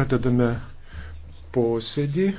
Pradedame posėdį.